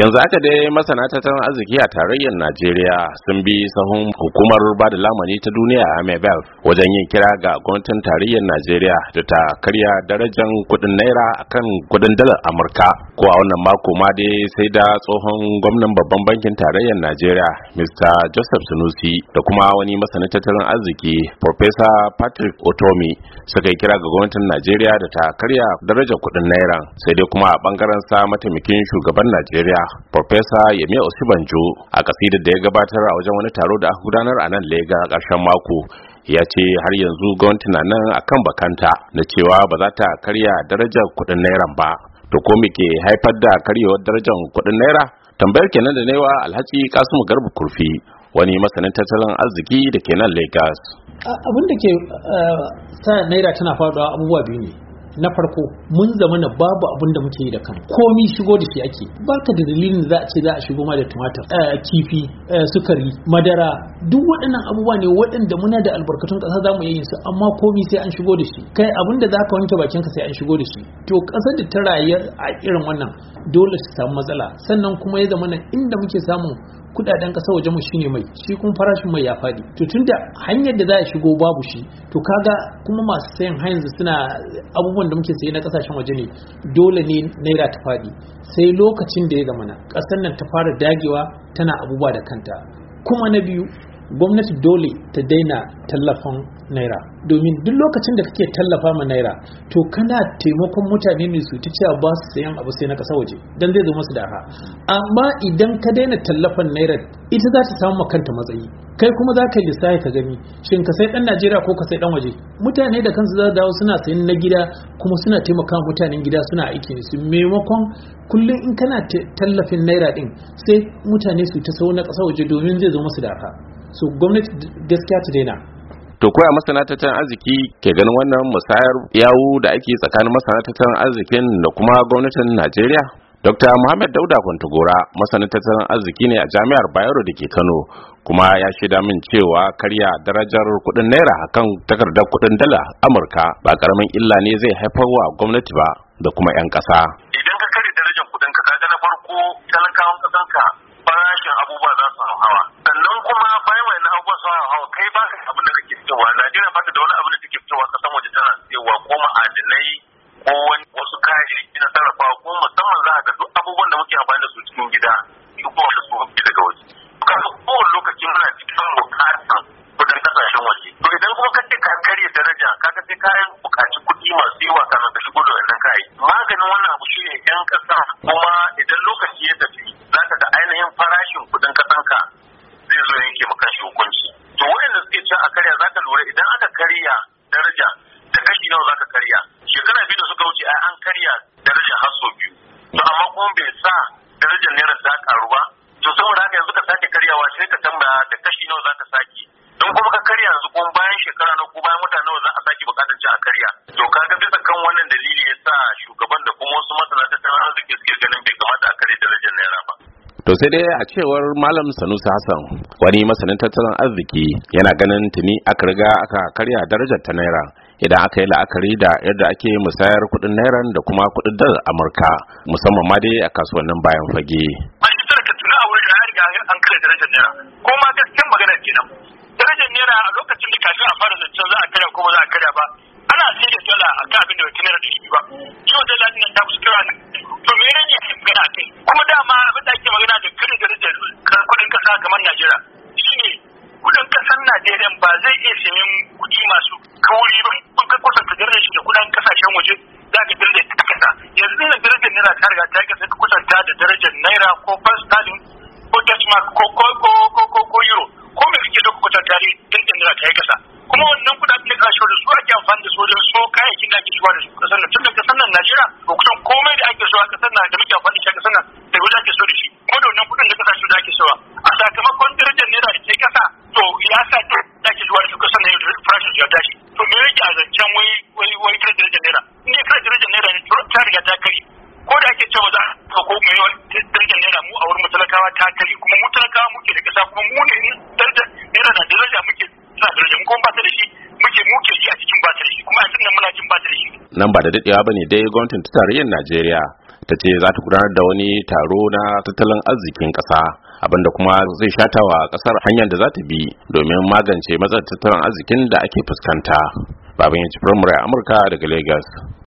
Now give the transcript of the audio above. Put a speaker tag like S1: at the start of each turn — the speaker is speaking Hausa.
S1: yanzu haka dai masana tattalin arziki a tarayyar najeriya sun bi sahun hukumar ba da lamani ta duniya a mebel wajen yin kira ga gwamnatin tarayyar najeriya da ta karya darajar kudin naira a kan kudin dalar amurka ko a wannan mako ma dai sai da tsohon gwamnan babban bankin tarayyar najeriya mr joseph sunusi da kuma wani masanin tattalin arziki professor patrick otomi suka yi kira ga gwamnatin najeriya da ta karya darajar kudin naira sai dai kuma a bangaren sa mataimakin shugaban najeriya Farfesa Yemi Osibanjo a kasidar da ya gabatar a wajen wani taro da aka gudanar a nan Lega a ƙarshen mako ya ce har yanzu gwamnati na nan akan bakanta na cewa ba za ta karya darajar kuɗin naira ba. To ko me ke haifar da karyewar darajar kuɗin naira? Tambayar kenan da naiwa Alhaji Kasimu Garba Kurfi wani masanin tattalin arziki da ke nan Lagos.
S2: Abin da ke eh, sa naira tana faɗuwa abubuwa biyu ne. na farko mun zama na babu abin da muke yi da kan komi shigo da shi ake baka da dalilin za a ce za a shigo ma da tumatir eh, kifi eh, sukari madara duk waɗannan abubuwa ne waɗanda muna da albarkatun ƙasa za mu yi su amma komi sai an shigo da shi kai abin da za ka wanke ka sai an shigo da shi to ƙasar da ta rayu a irin wannan dole su samu matsala sannan kuma ya zama inda muke samun kudaden kasa waje mu shine mai shi kuma farashin mai ya fadi to tunda hanyar da za a shigo babu shi to kaga kuma masu sayan hanyar yanzu suna abubuwan da muke saye na kasashen waje ne dole ne naira ta fadi sai lokacin da ya mana, ƙasar nan ta fara dagewa tana abubuwa da kanta kuma na biyu gwamnati dole ta daina tallafan naira domin duk lokacin da kake tallafa ma naira to kana taimakon mutane ne su ta cewa ba su sayan abu sai na kasa waje Don zai zo masu da ha amma idan ka daina tallafin naira ita za ta samu makanta matsayi kai kuma za ka lissafi ka gani shin ka sai dan Najeriya ko ka sai dan waje mutane da kansu za dawo suna sayan na gida kuma suna taimaka mutanen gida suna aiki ne su maimakon kullum in kana tallafin naira din sai mutane su ta sau na kasa waje domin zai zo masu da ha su gwamnati gaskiya ta daina
S1: to koya masana tattalin arziki ke ganin wannan musayar yawu da ake tsakanin masana tattalin arzikin da kuma gwamnatin najeriya dr muhammad dauda kwantagora masanin tattalin arziki ne a jami'ar bayero da ke kano kuma ya shaida min cewa karya darajar kudin naira akan takardar kudin dala amurka ba karamin illa ne zai haifar wa gwamnati ba da kuma 'yan kasa idan ka karya darajar kudin ka na farko talakawan kasanka farashin abubuwa za su hawa kai ba ka abin da
S3: kake fitowa Najeriya ba ta da wani abin da take fitowa kasan waje tana cewa ko ma'adinai ko wani wasu kayayyaki na sarrafa ko musamman za ga duk abubuwan da muke amfani da su cikin gida duk kuma wasu su fi daga waje. Kaga kowane lokaci muna cikin bukatar kudin kasashen waje. To idan kuma ka ce ka karya daraja ga sai kayan bukaci kuɗi masu yawa kana ka shigo da wannan kayi. Maganin wannan abu shi ne ƴan ƙasa kuma idan lokaci ya tafi kuma bai sa darajar naira ta karu ba to saboda haka yanzu ka sake karyawa sai ka tambaya da kashi nawa zaka ka sake don
S1: kuma ka karya yanzu kuma bayan shekara na ko bayan mutane nawa za a sake bukatar ci a karya to kaga bisa kan wannan dalili ya sa shugaban da kuma wasu masana tattalin arziki suke ganin bai kamata a karya darajar naira ba to sai dai a cewar malam sanusi hassan wani masanin tattalin arziki yana ganin tuni aka riga aka karya darajar ta naira idan aka yi la'akari da yadda ake musayar kuɗin naira da kuma kuɗin dalar amurka musamman ma dai a kasuwannin bayan fage an kare darajar naira ko ma gaskiyar magana kenan
S3: darajar naira a lokacin da kafin a fara zancen za a karya ko ba za a karya ba ana sai da dala a kan abin da bai naira ɗari ba yau dala ɗin ta kusa kira to me rage ake magana a kai kuma dama abin da ake magana da kare darajar kuɗin ƙasa kamar najeriya shine kuɗin ƙasar najeriya ba zai iya sayen kuɗi masu kauri ba akwai kwatanta darajar shi da kudaden kasashen waje za ka darajar ta kasa yanzu da darajar naira ta riga ta sai ka kwatanta da darajar naira ko pound sterling ko dutch mark ko ko ko ko ko ko euro ko me kake da kwatanta ne darajar naira ta kasa kuma wannan kudaden da kasashen da su ake amfani da su wajen so kayayyakin da ake shigowa da su kasar nan tunda kasan nan Najeriya ko kusan komai da ake so a kasan nan da muke amfani da shi nan da wuce ake so da shi ko da wannan kudin da kasashen da ake so a sakamakon darajar naira da ta kasa to ya sa ya ko da ake cewa za a ko mai yawan dangin naira mu a wurin mu talakawa ta kare kuma mu talakawa muke da kasa kuma mu ne darajar naira na daraja muke suna daraja mu kuma ba ta da shi muke muke
S1: shi a cikin ba ta da shi kuma a cikin muna cikin ba ta da shi. nan ba da daɗewa ba ne dai gwamnatin ta tarayyar najeriya ta ce za ta gudanar da wani taro na tattalin arzikin ƙasa abinda kuma zai shatawa ƙasar hanyar da za ta bi domin magance matsalar tattalin arzikin da ake fuskanta. Babin ya ci Amurka daga
S3: Lagos.